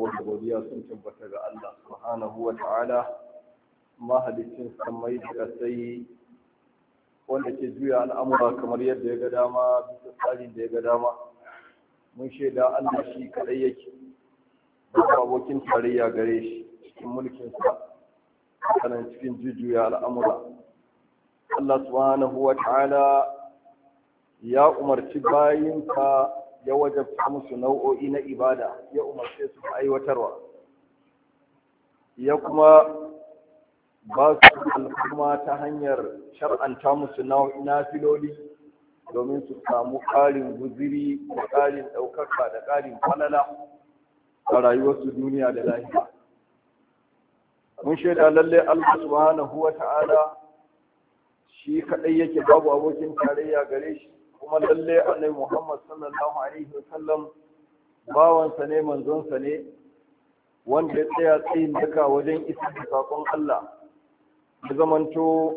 yabo da godiya sun tabbata ga Allah subhanahu wa ta'ala mahalicin samai da kasai, wanda ke juya al'amura kamar yadda ya ga dama bisa tsarin da ya ga dama mun shaida Allah shi kadai yake ba abokin tarayya gare shi cikin mulkin sa kanan cikin jujuya al'amura Allah subhanahu wa ta'ala ya umarci bayinka ya wajabta musu nau'o'i na ibada ya umarce su aiwatarwa ya kuma ba su al'umma ta hanyar shar'anta musu na filoli domin su samu ƙarin guziri da ƙarin ɗaukaka da ƙarin falala a rayuwarsu duniya da lafiya mun shaida lalle Allah subhanahu wa ta'ala shi kaɗai yake babu abokin tarayya gare shi kuma lalle annabi Muhammad sallallahu alaihi wasallam bawansa ne manzonsa ne wanda ya tsaya tsayin duka wajen isa da sakon Allah ya zamanto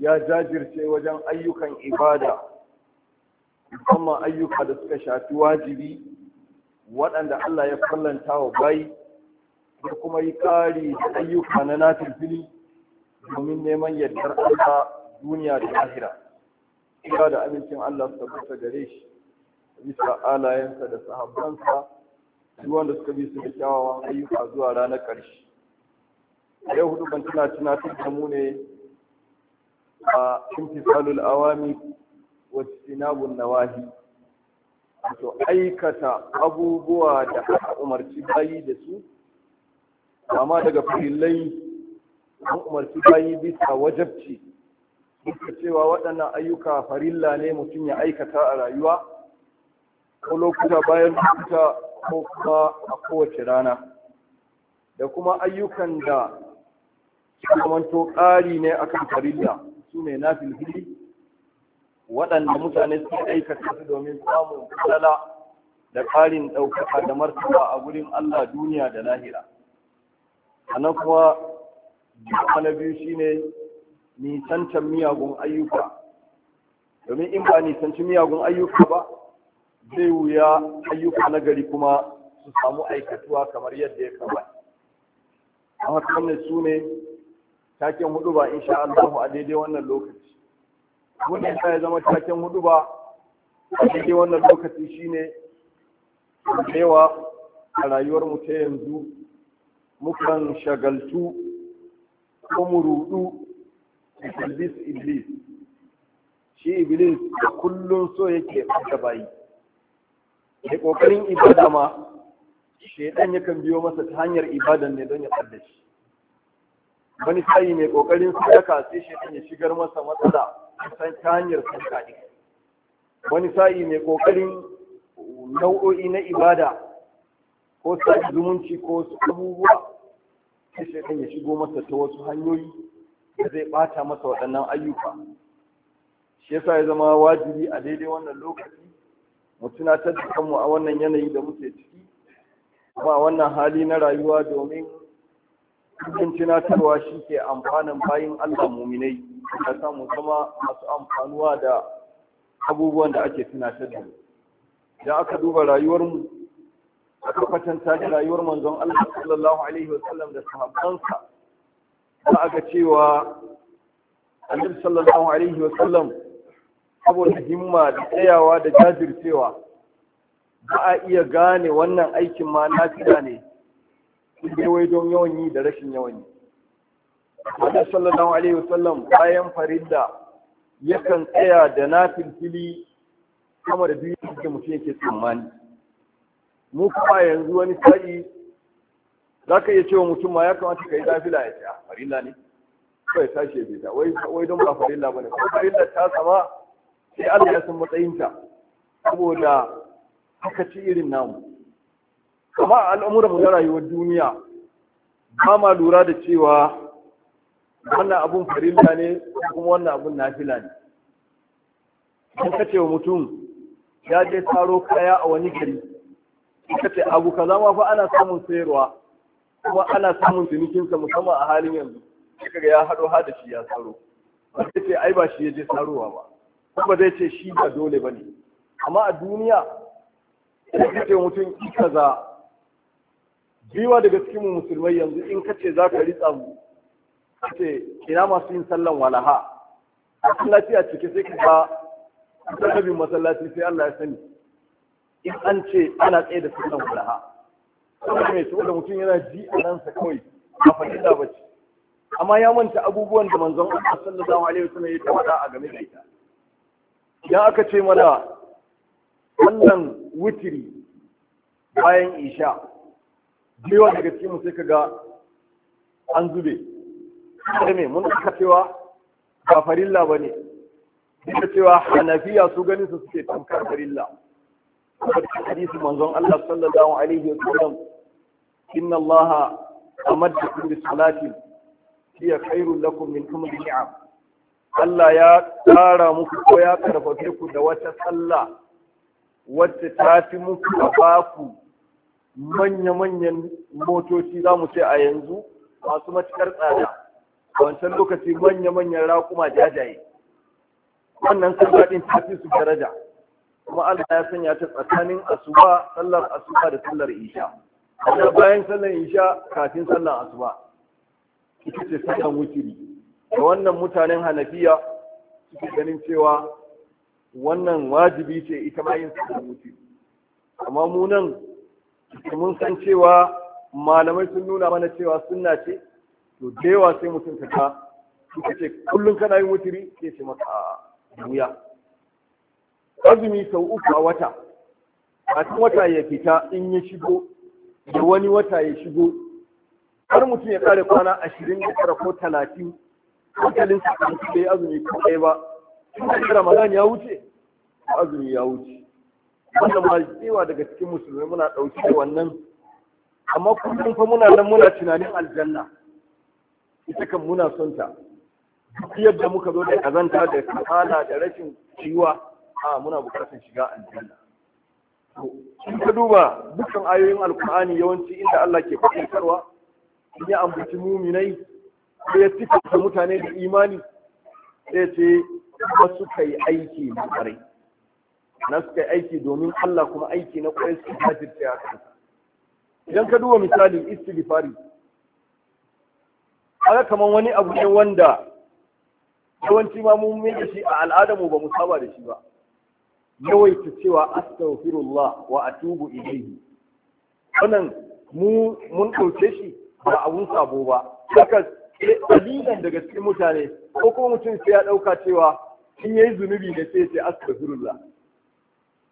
ya jajirce wajen ayyukan ibada musamman ayyuka da suka shafi wajibi waɗanda Allah ya fallanta wa bayi da kuma yi ƙari da ayyuka na fili, domin neman yardar Allah duniya da ahira. kira da amincin Allah su tabbata gare shi bisa alayensa da sahabbansa duk wanda suka bi su da kyawawan ayyuka zuwa ranar ƙarshe yau hudu ban tuna tun da mu ne a imtisalul awami wa sinabun nawahi wato aikata abubuwa da aka umarci bayi da su amma daga filai an umarci bayi bisa wajabci muka cewa waɗannan ayyuka farilla ne mutum ya aikata a rayuwa ko lokuta bayan lokuta ko kuma a kowace rana da kuma ayyukan da kamanto ƙari ne akan farilla su ne na filfili waɗanda mutane su aikata su domin samun kusala da ƙarin ɗaukaka da martaba a gurin Allah duniya da lahira sannan kuma na biyu shine nisantar miyagun ayyuka domin in ba nisanci miyagun ayyuka ba zai wuya ayyuka na gari kuma su samu aikatuwa kamar yadda ya kama a haka su ne taken hudu ba insha Allah a daidai wannan lokaci wannan ya zama taken hudu ba a daidai wannan lokaci shine cewa a rayuwar mu ta yanzu mukan shagaltu ko mu rudu da iblis shi iblis da kullum so yake ɓanta bayi da ƙoƙarin ibada ma shaidan yakan biyo masa ta hanyar ibadan ne don ya ɓadda shi wani sayi mai ƙoƙarin sadaka sai shaidan ya shigar masa matsala ta hanyar sadaka ne wani sa'i mai ƙoƙarin nau'o'i na ibada ko sa zumunci ko wasu abubuwa sai shaidan ya shigo masa ta wasu hanyoyi da zai ɓata masa waɗannan ayyuka shi yasa ya zama wajibi a daidai wannan lokaci mu tunatar da kanmu a wannan yanayi da muke ciki kuma wannan hali na rayuwa domin cikin tunatarwa shi ke amfanin bayin Allah muminai ka samu zama masu amfanuwa da abubuwan da ake tunatar da mu idan aka duba rayuwarmu aka kwatanta da rayuwar manzon Allah sallallahu alaihi wasallam da sahabbansa za a ga cewa annabi sallallahu alaihi wa sallam saboda himma da tsayawa da jajircewa ba a iya gane wannan aikin ma na fida ne sai wai don yawan yi da rashin yawan yi annabi sallallahu alaihi wa sallam bayan farilla yakan tsaya da na fili sama da duk yadda mutum yake tsammani mu kuma yanzu wani sa'i za ka iya cewa mutum ma ya kamata ka yi nafila ya ce a ah, farilla ne kawai tashi ya bita wai don ba farilla ba ne ko farilla ta sama sai Allah ya san matsayinta saboda haka ci irin namu amma al'amuran mu na rayuwar duniya ba ma lura da cewa wannan abun farilla ne kuma wannan abun nafila ne in ka ce wa mutum ya je taro kaya a wani gari ka ce abu kaza ma fa ana samun sayarwa kuma ana samun cinikinsa musamman a halin yanzu ga ya haɗo ha da shi ya tsaro. ba zai ce ai ba shi ya je tsarowa ba kuma zai ce shi ba dole ba ne amma a duniya ya ce mutum ki kaza biwa daga cikin musulmai yanzu in ka ce za ka ritsa mu ka ce ina masu yin sallan walaha masallaci a cike sai ka ga kusan rabin masallaci sai Allah ya sani in an ce ana tsaye da sallan walaha saboda mai wanda mutum yana ji a ransa kawai a fadila ba ce amma ya manta abubuwan da manzon Allah sallallahu alaihi wasallam ya tabbata a game da ita idan aka ce mana wannan witiri bayan isha jewa daga cikin mu sai kaga an zube sai mai mun aka cewa ba farilla bane duka cewa hanafiya su ganin su suke tamkar farilla saboda hadisi manzon Allah sallallahu alaihi wasallam إن الله أمدكم بصلاة هي خير لكم من حمل النعم Allah ya tsara muku ko ya karfafe ku da wata sallah wacce ta fi muku a baku manya-manyan motoci za mu ce a yanzu masu matuƙar tsada a wancan lokaci manya-manyan raƙuma jajaye wannan sallah ɗin ta fi su daraja kuma Allah ya sanya ta tsakanin asuba sallar asuba da sallar isha da bayan sallan isha kafin sallan asuba ita ce sallan wutiri da wannan mutanen hanafiya suke ganin cewa wannan wajibi ce ita ma yin sallan wutiri amma mu nan mun san cewa malamai sun nuna mana cewa sunna ce to da sai mutum ka ta suka ce kullum kana yin wutiri ke ce maka a wuya azumi sau uku a wata a cikin wata ya fita in ya shigo da wani wata ya shigo har mutum ya kare kwana ashirin da tara ko talatin hankalin sa kan su bai azumi ko ɗaya ba tun da ramadan ya wuce azumi ya wuce Wanda ma tsewa daga cikin musulmai muna ɗauke da wannan amma kullum fa muna nan muna tunanin aljanna ita kan muna son ta duk yadda muka zo da kazanta da kamala da rashin ciwa a muna bukatar shiga aljanna in ka duba dukkan ayoyin alkur'ani yawanci inda Allah ke fahimtarwa in ya ambaci muminai sai ya sifanta mutane da imani sai ce ba suka yi aiki na kwarai na suka yi aiki domin Allah kuma aiki na kwarai su hajjirce a kan idan ka duba misali istighfari kaga kamar wani abu ne wanda yawanci ma mun mai da shi a al'adarmu ba mu saba da shi ba yawaita cewa astaghfirullah wa atubu ilayhi wannan mu mun ɗauke shi ba abun sabo ba haka dalilan daga cikin mutane ko kuma mutum sai ya ɗauka cewa in yayi zunubi da sai ce astaghfirullah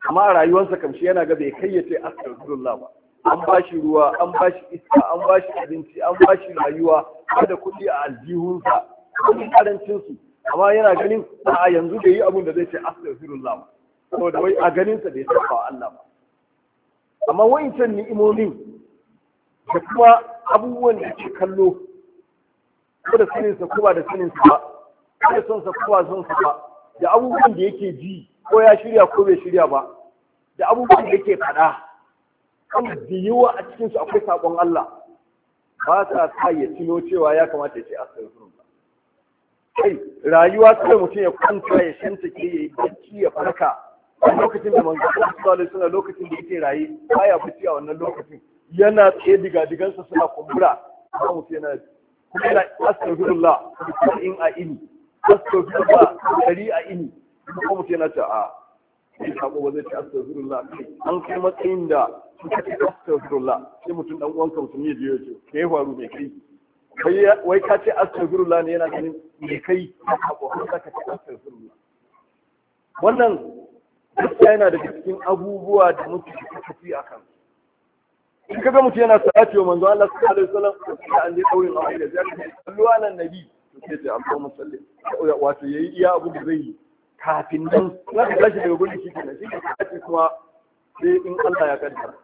amma a rayuwarsa kamshi yana ga bai kai ya ce astaghfirullah ba an ba shi ruwa an ba shi iska an ba shi abinci an ba shi rayuwa da kuɗi a aljihunsa kuɗin karancinsu amma yana ganin a yanzu da yi abin da zai ce astaghfirullah ba saboda wai a ganinsa bai saba wa Allah ba amma wa'incan ni'imomin da kuma abubuwan da ke kallo ko da saninsa ko ba da saninsa ba ko da sonsa ko ba sa ba da abubuwan da yake ji ko ya shirya ko bai shirya ba da abubuwan da yake faɗa kan da yawa a cikinsu akwai saƙon Allah ba sa sa ya tuno cewa ya kamata ya ce astaghfirullah kai rayuwa kawai mutum ya kwanta ya shanta ke ya yi ya farka lokacin da manzo sallallahu alaihi wasallam lokacin da yake raye baya fice a wannan lokacin yana tsaye diga-digansa suna kumbura kuma mutum yana kuma ina astaghfirullah in a ini astaghfirullah dari a ini kuma mutum na ta a sai ka ba zai ci astaghfirullah an kai matsayin da suka ci astaghfirullah sai mutum dan ka mutum ya je ya ce kai faru mai kai wai ka ce astaghfirullah ne yana ganin mai kai ka ko ka ce astaghfirullah wannan gaskiya yana daga cikin abubuwa da muke kafi a kan in ka ga mutum yana sa'ati wa manzo Allah sallallahu alaihi wasallam da an je daurin aure da zai ce sallu nan nabi to sai ce amma musalli wato yayi iya abu da zai yi kafin nan za ka tashi daga gurin shi nan. shi ke kace kuma sai in Allah ya kaddara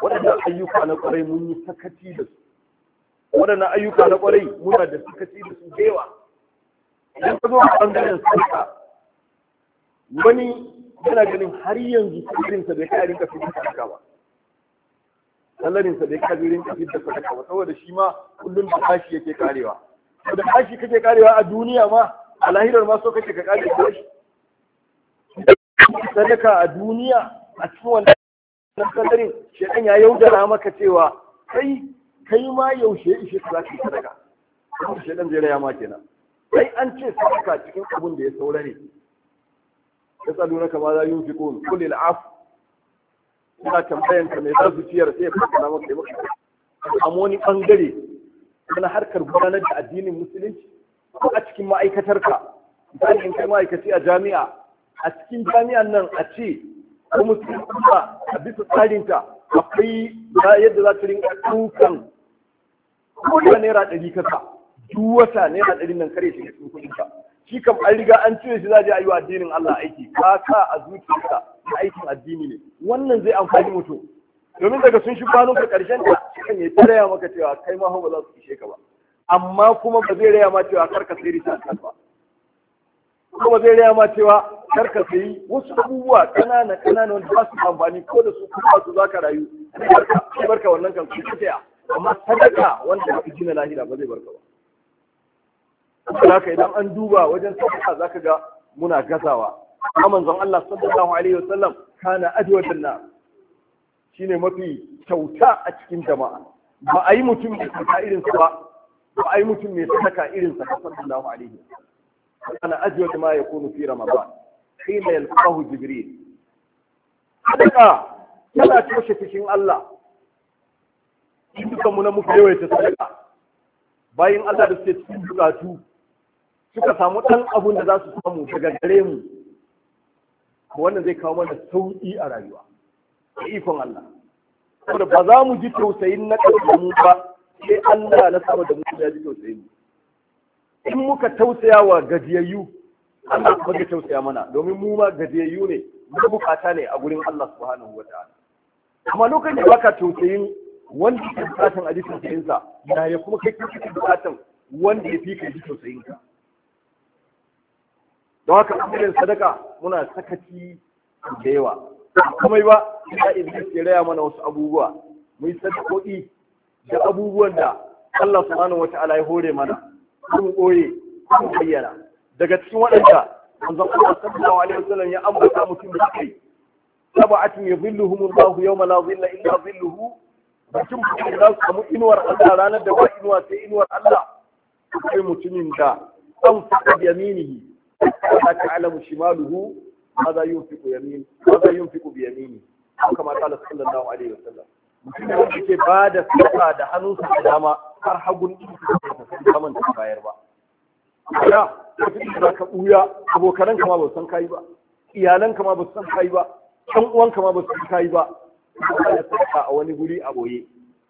waɗannan ayyuka na ƙwarai mun yi sakaci da su waɗannan ayyuka na ƙwarai muna da sakaci da su da yawa idan ka zo a ɓangaren sarka wani yana ganin har yanzu sirrinsa bai kai rinka fitar sadaka ba sallarinsa bai kai rinka fitar sadaka ba saboda shi ma kullum da kashi yake karewa da kashi kake karewa a duniya ma a lahirar ma so kake ka kare shi. sadaka a duniya a cikin wannan sallarin shedan ya yaudara maka cewa kai kai ma yaushe ishe ka zaka sadaka kuma shedan zai raya ma kenan sai an ce sadaka cikin abin da ya saurare yasalunaka ma za yunfiqun qul al af ina tambayan ka me za su ciyar sai ka kana maka maka amma wani bangare kana harkar gudanar da addinin musulunci ko a cikin ma'aikatar ka misali in kai ma'aikaci a jami'a a cikin jami'an nan a ce ko musulunci ba a bisa tsarin ka akwai yadda za ta rinka tukan ko da naira ɗari kasa duk wata naira ɗari nan kare shi cikin ka shi kam an riga an cire shi za a je a yi wa addinin Allah aiki ka ka a zuciyarka na aikin addini ne wannan zai amfani mutum domin daga sun shi kwano ka karshen ta kan ya taraya maka cewa kai ma ba za su ishe ka ba amma kuma ba zai raya ma cewa kar ka sayi kan ba kuma zai raya ma cewa kar ka sayi wasu abubuwa kanana kanana wanda ba su amfani ko da su kuma su za ka rayu sai barka wannan kan su ta amma sadaka wanda ka ji na lahira ba zai barka ba haka idan an duba wajen sadaka zaka ga muna gazawa amma manzon Allah sallallahu alaihi wasallam kana ajwadan na shine mafi kyauta a cikin jama'a ba a yi mutum mai saka irin sa ba ba a yi mutum mai sadaka irin sa sallallahu alaihi wasallam kana ajwad ma yakunu fi ramadan hina yalqahu jibril sadaka tana toshe cikin Allah in dukanmu na muka yawaita sadaka bayan Allah da suke cikin bukatu suka samu ɗan abun da za su samu daga gare mu wannan zai kawo mana sauƙi a rayuwa da ikon Allah saboda ba za mu ji tausayin na ƙarfi mu ba sai Allah na sama da mutum ya ji tausayin in muka tausaya wa gajiyayyu Allah kuma zai tausaya mana domin mu ma gajiyayyu ne mu bukata ne a gurin Allah subhanahu wataala amma lokacin da baka tausayin wanda ke bukatan a ji ya kuma kai kake bukatan wanda ya fi ka ji tausayinka don haka amurin sadaka muna sakaci da yawa kamai ba ina izini ya raya mana wasu abubuwa mu yi sadakoki da abubuwan da Allah subhanahu wata'ala ya hore mana sun koye mu bayyana daga cikin waɗanda manzon Allah sallallahu alaihi wasallam ya ambata mutum da kai sab'atun yadhilluhum Allah yawma la dhilla illa dhilluhu mutum da za su samu inuwar Allah ranar da ba inuwa sai inuwar Allah sai mutumin da an faɗa yaminihi la ta'lamu shimaluhu ماذا ينفق يمين ماذا ينفق بيمينه كما قال صلى الله عليه وسلم mutum da wanda ke ba da sadaka da hannunsa da dama har hagun kaman da bayar ba ya wata za ka buya abokanan kama ba san kayi ba iyalan kama ba san kayi ba ɗan uwan kama ba san kayi ba ba da sadaka a wani guri a boye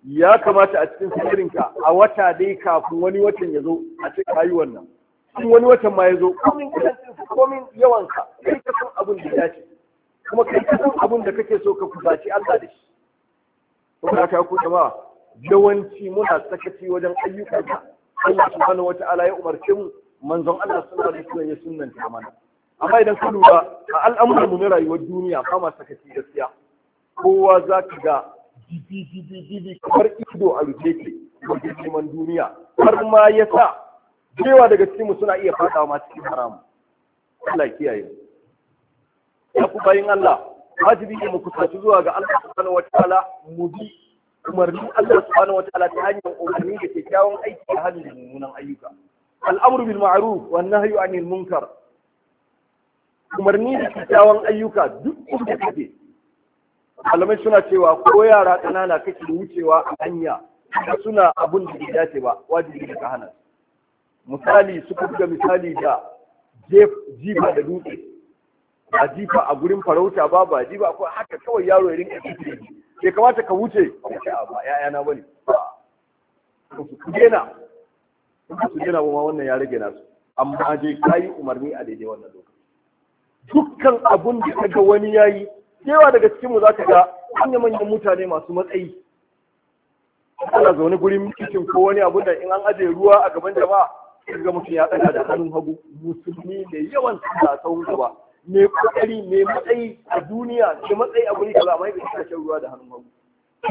ya kamata a cikin sirrinka a wata dai kafin wani watan ya zo a ce kayi wannan in wani watan ma ya zo komin kudancinsa komin yawanka kai ka san abin da ya ce kuma kai ka san abin da kake so ka kusaci Allah da shi saboda ka ku jama'a yawanci muna sakaci wajen ayyuka ka Allah subhanahu wata'ala ya umarce mu manzon Allah sallallahu alaihi wasallam ya sunnanta mana amma idan ka lura a al'amuran mu na rayuwar duniya ba ma sakaci gaskiya kowa za ka ga bibi bibi bibi kamar ido a rufe ke wajen neman duniya har ma ya sa cewa daga cikinmu suna iya fadawa ma cikin haramu Allah kiyaye ya ku bayin Allah wajibi ne mu kusaci zuwa ga Allah subhanahu wataala mu bi umarnin Allah subhanahu wataala ta hanyar umarni da kyakkyawan aiki da hannun mummunan ayyuka al'amru bil ma'ruf wan nahyu anil munkar umarni da kyakkyawan ayyuka duk inda kake malamai suna cewa ko yara ƙanana kake wucewa a hanya suna abun da ya dace ba wajibi ne ka hana su misali suka da misali da jifa da dutse ba jifa a gurin farauta ba ba jifa akwai haka kawai yaro ya rinka ne ke kamata ka wuce ba ba ne ku gena gena wannan ya rage nasu amma dai umarni a daidai wannan lokaci dukkan abun da ta ga wani ya yi yawa daga cikinmu za zaka ga manya-manyan mutane masu matsayi ana zaune gurin kicin ko wani abun da in an ajiye ruwa a gaban jama'a kirga mutum ya tsaka da hannun hagu musulmi ne yawan tsaka sahun gaba mai kokari mai matsayi a duniya mai matsayi a guri kaza amma yake kira shan ruwa da hannun hagu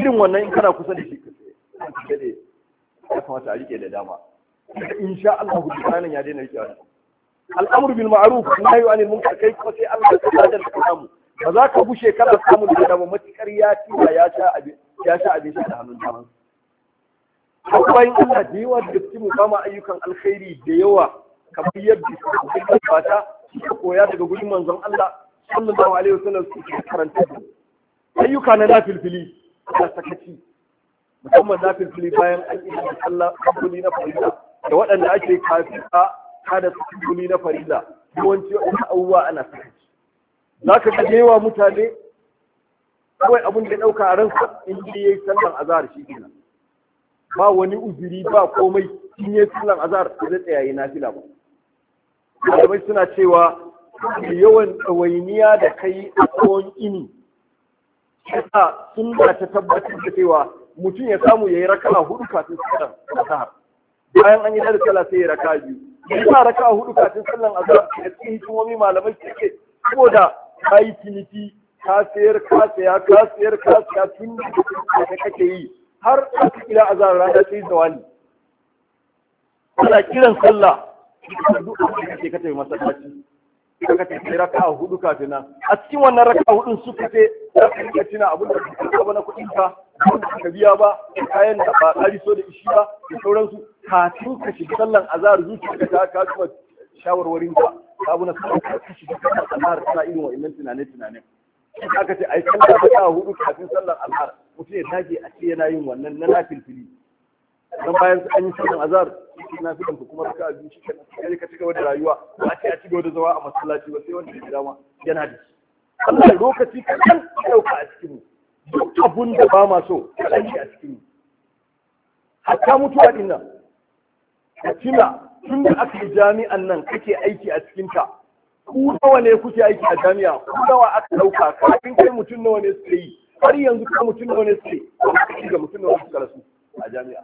irin wannan in kana kusa da shi ka sai ya kamata a rike da dama in sha Allah ku nan ya daina rike wannan al'amr bil ma'ruf nahyu anil mun karkai kuma sai Allah ya sadar da samu ba za ka bushe kana samun da dama matukar ya tiya ya sha abin ya sha abin da hannun dama akwai Allah da yawa da su mu kama ayyukan alkhairi da yawa kamar yadda da fata suka koya daga gurin manzon Allah sallallahu alaihi wasallam suke karanta ayyuka na nafilfili da sakaci musamman fili bayan an yi da Sallah, kabbuli na farilla da waɗanda ake kafin a kada kabbuli na farilla yawanci waɗanda abubuwa ana sakaci za ka ga yawa mutane kawai abin da ɗauka a ransa in ya yi sallan azahar shi kenan ba wani uzuri ba komai in yi sallan azhar zai tsaya yi nafila ba malamai suna cewa yawan ɗawainiya da kai a tsawon ini yasa sunna ta tabbatar da cewa mutum ya samu ya yi raka'a hudu kafin sallan azhar bayan an yi da sallah sai ya raka biyu yasa raka'a hudu kafin sallan azhar da cikin hikimomi malamai suke saboda ka yi ciniki ka sayar ka saya ka sayar ka saya tun da kake yi har aka kira azan rana sai zawali ana kiran sallah duk abin da kake ka tafi masallaci ka tafi raka'a hudu kafin nan a cikin wannan raka hudun su fice za ka iya tina abin da kake ba na kuɗin ka wanda ka biya ba kayan da ba ƙari so da ishi ba da sauransu kafin ka shiga sallan azhar zuciya ka ka kuma shawarwarin ka ka sallan ka shiga sallan azhar kana irin wa'annan tunane-tunane in aka ce ai ta a hudu kafin sallar azhar mutum ya dage a ce yana yin wannan na nafilfili dan bayan an yi sallar azhar shi na fitan ku kuma raka'a biyu shi kenan ka ci da rayuwa ba a ce a ci da zama a masallaci ba sai wanda ya dama yana da shi Allah lokaci kaɗan ya a cikin duk abun da ba ma so kaɗan shi a cikin hatta mutuwa ɗin nan ka tuna tun da aka yi jami'an nan kake aiki a cikinta ku nawa ne kuke aiki a jami'a ku nawa aka dauka kafin kai mutum nawa ne suke yi har yanzu ka mutum nawa ne suke yi ga mutum nawa suka rasu a jami'a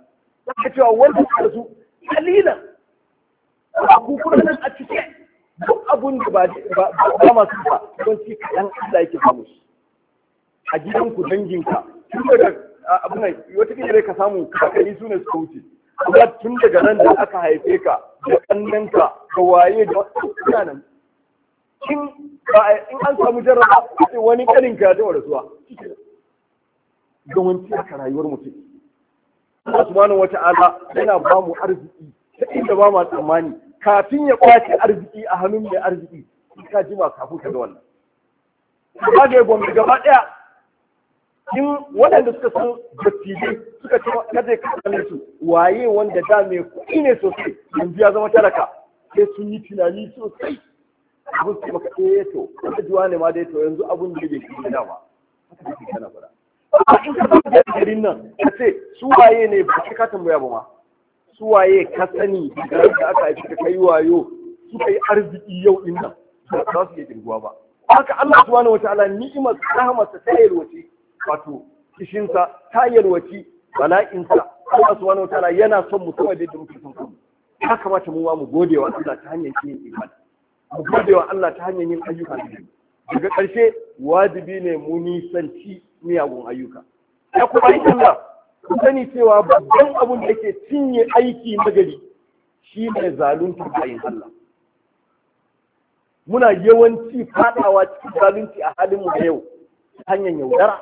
ka cewa wanda suka rasu kalilan a ku nan a cike duk abun da ba ba masu ba don ci kaɗan Allah yake samu a gidanku danginka tun daga abin nan wata kiyar ka samu kakanni su ne suka wuce amma tun daga nan da aka haife ka da ƙannen ka waye da wasu nan in in an samu jarraba a ce wani karin ka da rasuwa haka rayuwar mutum Allah wata wata'ala yana ba mu arziki ta inda ba mu tsammani kafin ya kwace arziki a hannun mai arziki in ka jima kafin ka ga wannan ba da gombe gaba ɗaya. in waɗanda suka san dattijai suka ce kada zai kalle su waye wanda da mai kuɗi ne sosai yanzu ya zama talaka sai sun yi tunani sosai abin su maka eh to wata juwa ne ma dai to yanzu abin da bai shi da ba kana fara amma in ka san da nan ka ce su waye ne ba ka tambaya ba ma su waye ka sani garin da aka aika kai wayo ka yi arziki yau din nan ba za su iya kirguwa ba haka Allah subhanahu wataala ni'imar rahmarsa ta yalwace wato kishinsa ta yalwace bala'insa Allah subhanahu wataala yana son mu kuma da yadda muke son kanmu ya kamata mu ma mu gode wa Allah ta hanyar yin imani mu gode wa Allah ta hanyar yin ayyuka daga ƙarshe wajibi ne mu nisanci miyagun ayyuka ya kuma yi Allah ku sani cewa babban abin da yake cinye aiki nagari shi ne zalunci bayin Allah muna yawanci faɗawa cikin zalunci a halinmu da yau ta hanyar yaudara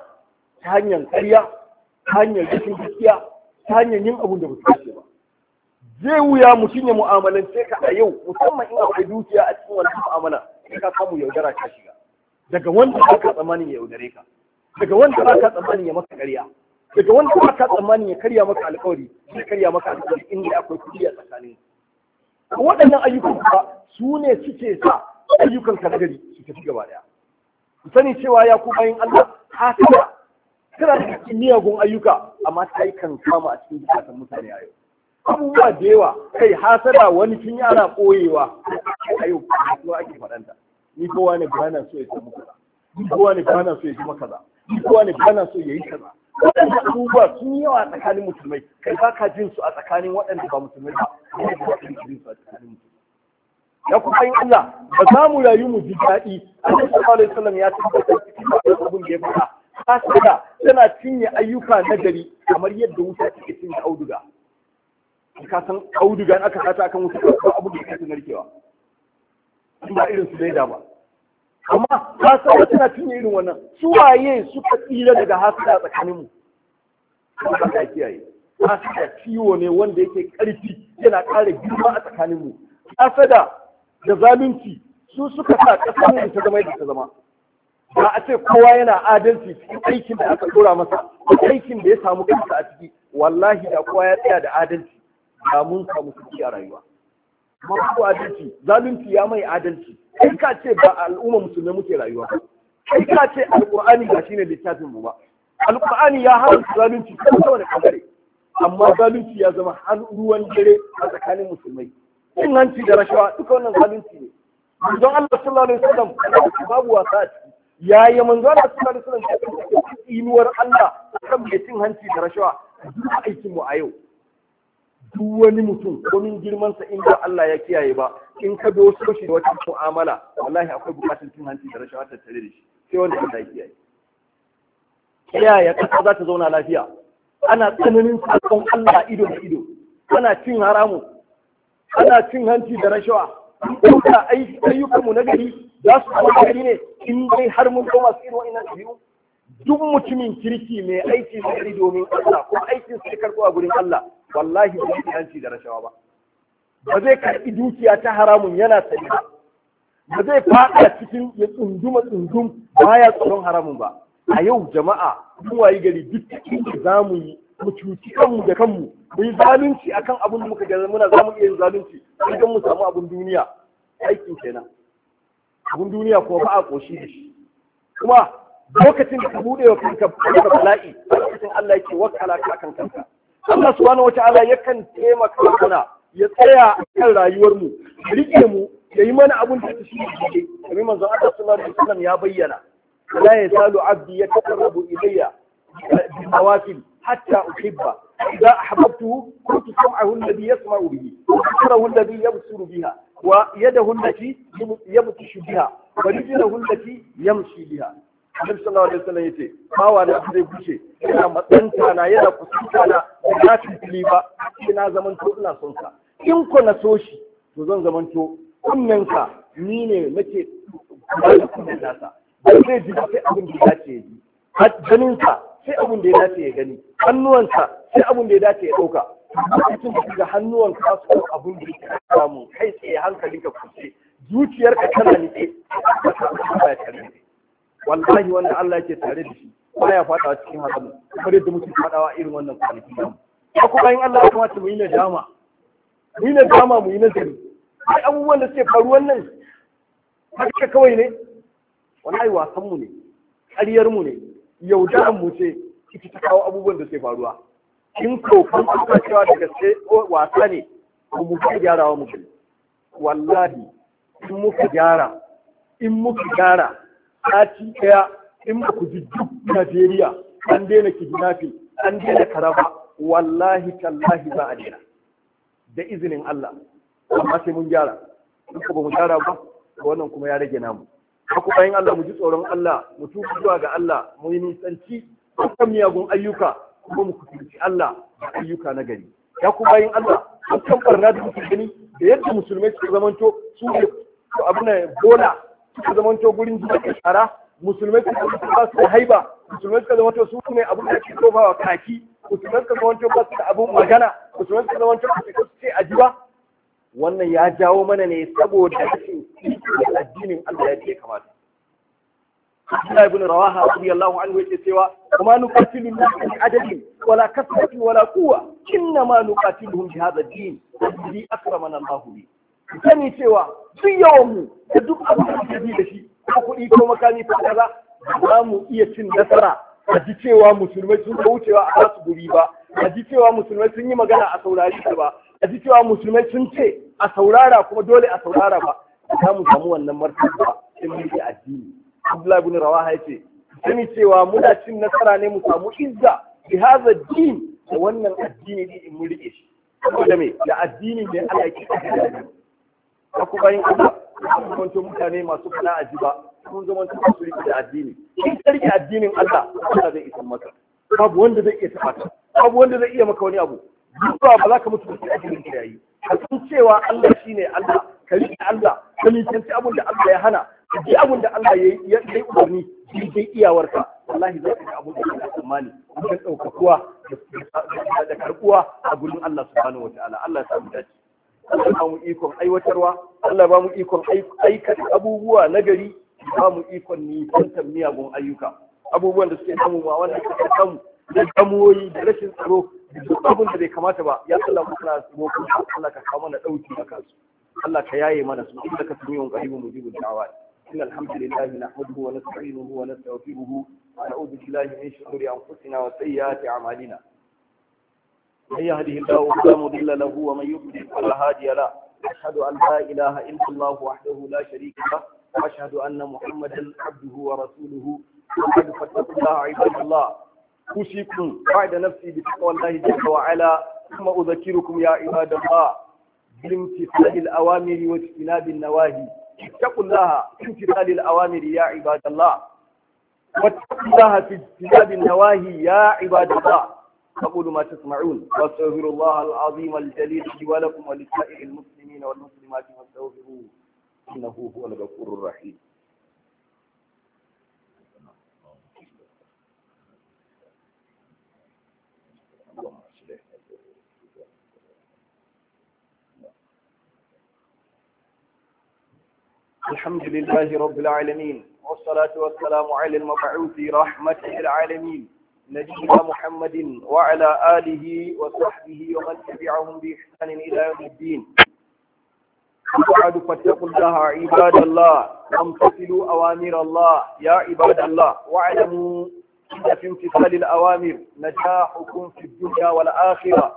ta hanyar ƙarya ta hanyar rashin gaskiya ta hanyar yin abun da ba su zai wuya mutum ya mu'amalance ka a yau musamman in akwai dukiya a cikin wani mu'amala sai ka samu yaudara ka shiga daga wanda ba ka tsammanin ya yaudare ka daga wanda ba ka tsammanin ya maka karya daga wanda ba ka tsammanin ya karya maka alƙawari zai karya maka alƙawari inda akwai kuɗi a tsakanin waɗannan ayyukan ba su ne suke sa ayyukan ka nagari su tafi gaba ɗaya ku sani cewa ya ku bayan Allah hasada tana da miyagun ayyuka amma ta yi kan kama a cikin zukatan mutane a yau abubuwa da yawa kai hasada wani tun yana koyewa a yau kuma ake faɗanta ni kowa wani ba na so ya samu kaza ni kowa wani ba na so ya zama kaza ni kowa wani ba na so ya yi kaza waɗanda abubuwa sun yi yawa a tsakanin musulmai kai ba ka jin su a tsakanin waɗanda ba musulmai ba ne ba ka jin su a tsakanin musulmai ya kuma yi Allah ba za mu rayu mu ji daɗi Allah sallallahu alaihi wasallam ya tabbatar cikin abin da ya faɗa hasada tana cinye ayyuka na gari kamar yadda wuta take cinye auduga ka san auduga in aka sata akan wuta ko abu da yake narkewa in ba irin su leda ba amma ka san wata na cinye irin wannan su waye suka tsira daga hasada tsakanin mu ba ka kiyaye hasada ciwo ne wanda yake karfi yana ƙara girma a tsakanin mu hasada da zalunci su suka sa kasar mu ta zama yadda ta zama ba a ce kowa yana adalci cikin aikin da aka dora masa aikin da ya samu kansa a ciki wallahi da kowa ya tsaya da adalci da mun samu suke a rayuwa babu adalci zalunci ya mai adalci kai ka ce ba al'umma musulmai muke rayuwa ba kai ka ce alqur'ani ba shine littafin mu ba Alƙur'ani ya haramta zalunci ta wani amma zalunci ya zama har ruwan dare a tsakanin musulmai cin hanci da rashawa duka wannan zalunci ne don Allah sallallahu alaihi wasallam babu wasa a ciki yaya manzo Allah sallallahu alaihi wasallam ya inuwar Allah kan mai cin hanci da rashawa duk aikin mu a yau duk wani mutum komin girmansa in ba Allah ya kiyaye ba in ka doso shi da wata mu'amala wallahi akwai bukatun cin hanci da rashawa tattare da shi sai wanda Allah ya kiyaye kiyaye ka za ta zauna lafiya ana tsananin sakon Allah ido da ido ana cin haramu ana cin hanci da rashawa duka ayyukanmu na gari za su kuma gari ne in dai har mun koma su irin wa'annan ɗabi'u duk mutumin kirki mai aiki mai domin Allah ko aikin sai karɓo a gurin Allah wallahi ba zai hanci da rashawa ba ba zai karɓi dukiya ta haramun yana sani ba ba zai faɗa cikin ya tsunduma tsundum baya tsoron haramun ba a yau jama'a mun wayi gari duk cikin da za mu yi mu cuci kanmu da kanmu mu yi zalunci akan abin da muka gani muna za mu iya yin zalunci idan mu samu abin duniya aikin kenan abin duniya ko ba a ƙoshi da shi kuma lokacin da ka bude wa kanka da bala'i lokacin Allah yake wakala ka kan kanka Allah subhanahu wata'ala yakan taimaka mana ya tsaya a kan rayuwar mu rike mu ya yi mana abin da shi ne kamar manzo Allah sallallahu alaihi wasallam ya bayyana la yasalu abdi yataqarrabu ilayya bi nawafil hatta uhibba إذا أحببته كنت سمعه الذي يسمع به وبصره الذي يبصر بها ويده التي يبطش بها ورجله التي yamshi بها Annabi sallallahu alaihi wasallam yace bawa da zai bushe yana matsanta na yana kusanta na ya tilili ba ina zaman to ina son ka in ko na so shi to zan zaman to kunnen ka ni ne nake ba da kunnen nasa ba zai ji sai abin da ya dace ya ji ganin sa sai abin da ya dace ya gani hannuwansa sai abin da ya dace ya dauka lokacin da ga hannuwanka su abin da ya samu kai tsaye hankalinka kuce zuciyarka tana nitse ba ta ba ta wallahi wanda Allah yake tare da shi baya fada cikin hatsari kamar yadda muke fadawa irin wannan kwanaki namu ko kuma in Allah ya kamata mu yi nadama mu yi nadama mu yi nazari ai abubuwan da suke faru nan haka kawai ne wallahi wasan mu ne ƙaryar mu ne yaudaran mu ce ita ta kawo abubuwan da suke faruwa in ko kun cewa da gaske wasa ne ko mu ka gyarawa mu wallahi in muka gyara in muka gyara sati ɗaya in ba ku ji duk Najeriya an daina kidnafi an daina karaba wallahi tallahi za a daina da izinin Allah amma sai mun gyara in ba mu gyara ba wannan kuma ya rage namu kuma bayan Allah mu ji tsoron Allah mu tuba zuwa ga Allah mu yi nisanci kan miyagun ayyuka kuma mu kusanci Allah da ayyuka na gari ya ku bayan Allah kan barna da mutum gani da yadda musulmai suka zamanto su ne abin bola suka zama to gurin jikin shara musulmai suka zama ba su da haiba musulmai suka zama to su ne abin da ke tofa wa kaki musulmai suka zama to ba su da magana musulmai suka zama to ba su ce a wannan ya jawo mana ne saboda rashin addinin Allah ya ce kamata Abdullah ibn Rawaha radiyallahu anhu yake cewa kuma nuqatilu min adadin wala kasratin wala quwwa inna ma nuqatiluhum bi hadha ad-din alladhi akramana Allahu bihi sani cewa duk yawan mu da duk abin da bi da shi ko kuɗi ko makami ko kaza za mu iya cin nasara a ji cewa musulmai sun ga wucewa a basu guri ba a ji cewa musulmai sun yi magana a saurari ba a ji cewa musulmai sun ce a saurara kuma dole a saurara ba za mu samu wannan martaba in mun yi addini Abdullahi ibn ya yace sani cewa muna cin nasara ne mu samu izza bi hadha din da wannan addini din mun rike shi saboda me da addini ne Allah kike da da kuma yin Allah kuma zamanto mutane masu fada a jiba sun ta masu da addini in ka addinin Allah Allah zai isa maka babu wanda zai iya taɓa babu wanda zai iya maka wani abu duk ba za ka mutu ba sai addinin ka yayi ka san cewa Allah shine Allah ka riƙe Allah ka nisanci abin da Allah ya hana ka ji abin da Allah ya yi umarni daidai iyawarka wallahi zai ka abin da Allah tsammani wajen ɗaukakuwa da karɓuwa a gurin Allah subhanahu wa ta'ala Allah ya samu dace Allah ba mu ikon aiwatarwa Allah ba mu ikon aikata abubuwa na gari ba mu ikon nisantar miyagun ayyuka abubuwan da suke samu ma wannan suke samu da damuwoyi da rashin tsaro da duk abin da bai kamata ba ya Allah mu kana tsoro Allah ka kawo mana ɗauki a kansu Allah ka yaye mana su inda ka tuni yawan qaribun na da'awat إن الحمد لله A ونستعينه ونستغفره an بالله من sai ya وسيئات a'malina. من يهده الله فلا مضل له ومن يضلل فلا هادي له أشهد أن لا إله إلا الله وحده لا شريك له وأشهد أن محمدا عبده ورسوله وقد فاتقوا الله عباد الله أوصيكم بعد نفسي بتقوى الله جل وعلا ثم أذكركم يا عباد الله بامتثال الأوامر واجتناب النواهي اتقوا الله بامتثال الأوامر يا عباد الله واتقوا الله في اجتناب النواهي يا عباد الله أقول ما تسمعون وأستغفر الله العظيم الجليل لي ولكم ولسائر المسلمين والمسلمات فاستغفروه إنه هو الغفور الرحيم الحمد لله رب العالمين والصلاة والسلام على المبعوث رحمة العالمين نبينا محمد وعلى آله وصحبه ومن تبعهم بإحسان إلى يوم الدين وبعد فاتقوا الله عباد الله وامتثلوا أوامر الله يا عباد الله واعلموا إن في امتثال الأوامر نجاحكم في الدنيا والآخرة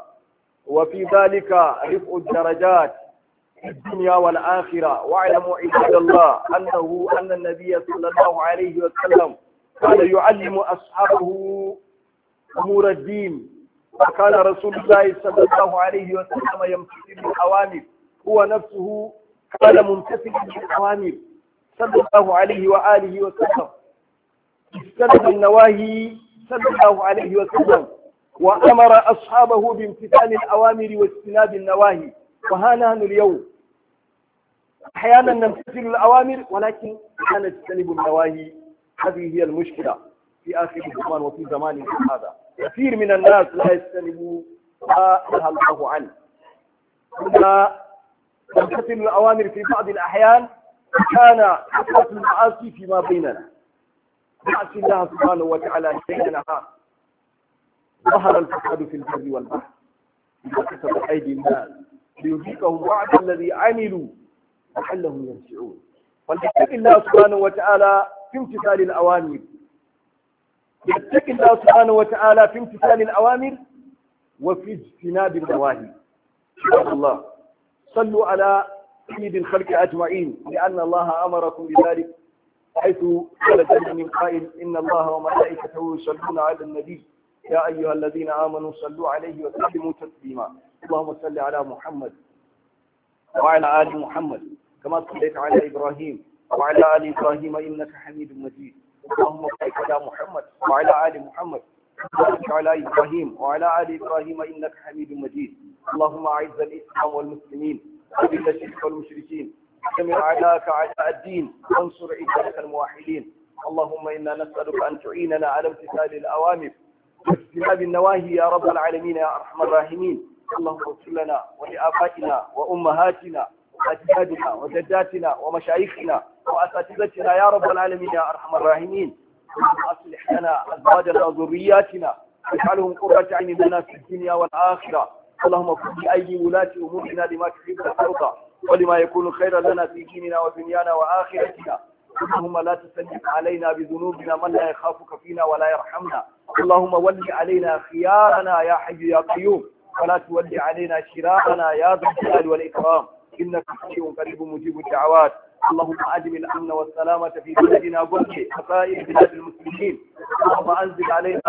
وفي ذلك رفع الدرجات في الدنيا والآخرة واعلموا عباد الله أنه أن النبي صلى الله عليه وسلم كان يعلم أصحابه أمور الدين وكان رسول الله صلى الله عليه وسلم يمتثل بالأوامر هو نفسه كان ممتثلا بالأوامر صلى الله عليه وآله وسلم اجتنب النواهي صلى الله عليه وسلم وأمر أصحابه بامتثال الأوامر واجتناب النواهي وها نحن اليوم أحيانا نمتثل الأوامر ولكن لا نجتنب النواهي هذه هي المشكلة في آخر الزمان وفي زمان هذا كثير من الناس لا يستلموا ما نهى الله عنه كنا تمتثل الأوامر في بعض الأحيان كان كثرة المعاصي فيما بيننا نعصي الله سبحانه وتعالى ليل نهار ظهر الفساد في البر والبحر بما أيدي الناس ليذيقهم بعد الذي عملوا لعلهم يرجعون فليتق الله سبحانه وتعالى في امتثال الأوامر يتقي الله سبحانه وتعالى في امتثال الأوامر وفي اجتناب النواهي الله صلوا على سيد الخلق أجمعين لأن الله أمركم بذلك حيث قال من قائل إن الله وملائكته يصلون على النبي يا أيها الذين آمنوا صلوا عليه وسلموا تسليما اللهم صل على محمد وعلى آل محمد كما صليت على إبراهيم وعلى آل إبراهيم إنك حميد مجيد اللهم صل على محمد وعلى آل محمد وبارك على إبراهيم وعلى آل إبراهيم إنك حميد مجيد اللهم أعز الإسلام والمسلمين وذل الشرك والمشركين دمر أعداءك أعداء الدين وانصر عبادك الموحدين اللهم إنا نسألك أن تعيننا على امتثال الأوامر واجتناب النواهي يا رب العالمين يا أرحم الراحمين اللهم اغفر لنا ولآبائنا وأمهاتنا وأجدادنا وجداتنا ومشايخنا وأساتذتنا يا رب العالمين يا أرحم الراحمين أصلح لنا أزواجنا وذرياتنا واجعلهم قرة عين لنا في الدنيا والآخرة اللهم كن بأي ولاة أمورنا لما تحب وترضى ولما يكون خيرا لنا في ديننا ودنيانا وآخرتنا اللهم لا تسلط علينا بذنوبنا من لا يخافك فينا ولا يرحمنا اللهم ول علينا خيارنا يا حي يا قيوم ولا تول علينا شرارنا يا ذا الجلال والإكرام إنك حي قريب مجيب الدعوات اللهم أجل الأمن والسلامة في بلدنا بركي وسائر بلاد المسلمين اللهم أنزل علينا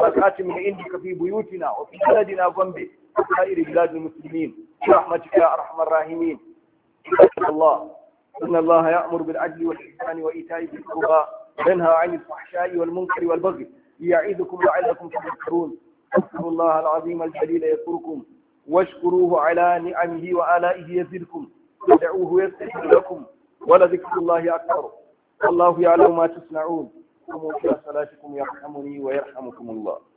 بركات من عندك في بيوتنا وفي بلدنا غنبي وسائر بلاد المسلمين برحمتك يا أرحم الراحمين الله إن الله يأمر بالعدل والإحسان وإيتاء ذي القربى وينهى عن الفحشاء والمنكر والبغي ليعيدكم لعلكم تذكرون اذكروا الله العظيم الجليل يذكركم واشكروه على نعمه وآلائه يزدكم ودعوه يستجب لكم ولذكر الله أكبر الله يعلم ما تصنعون قوموا إلى صلاتكم يرحمني ويرحمكم الله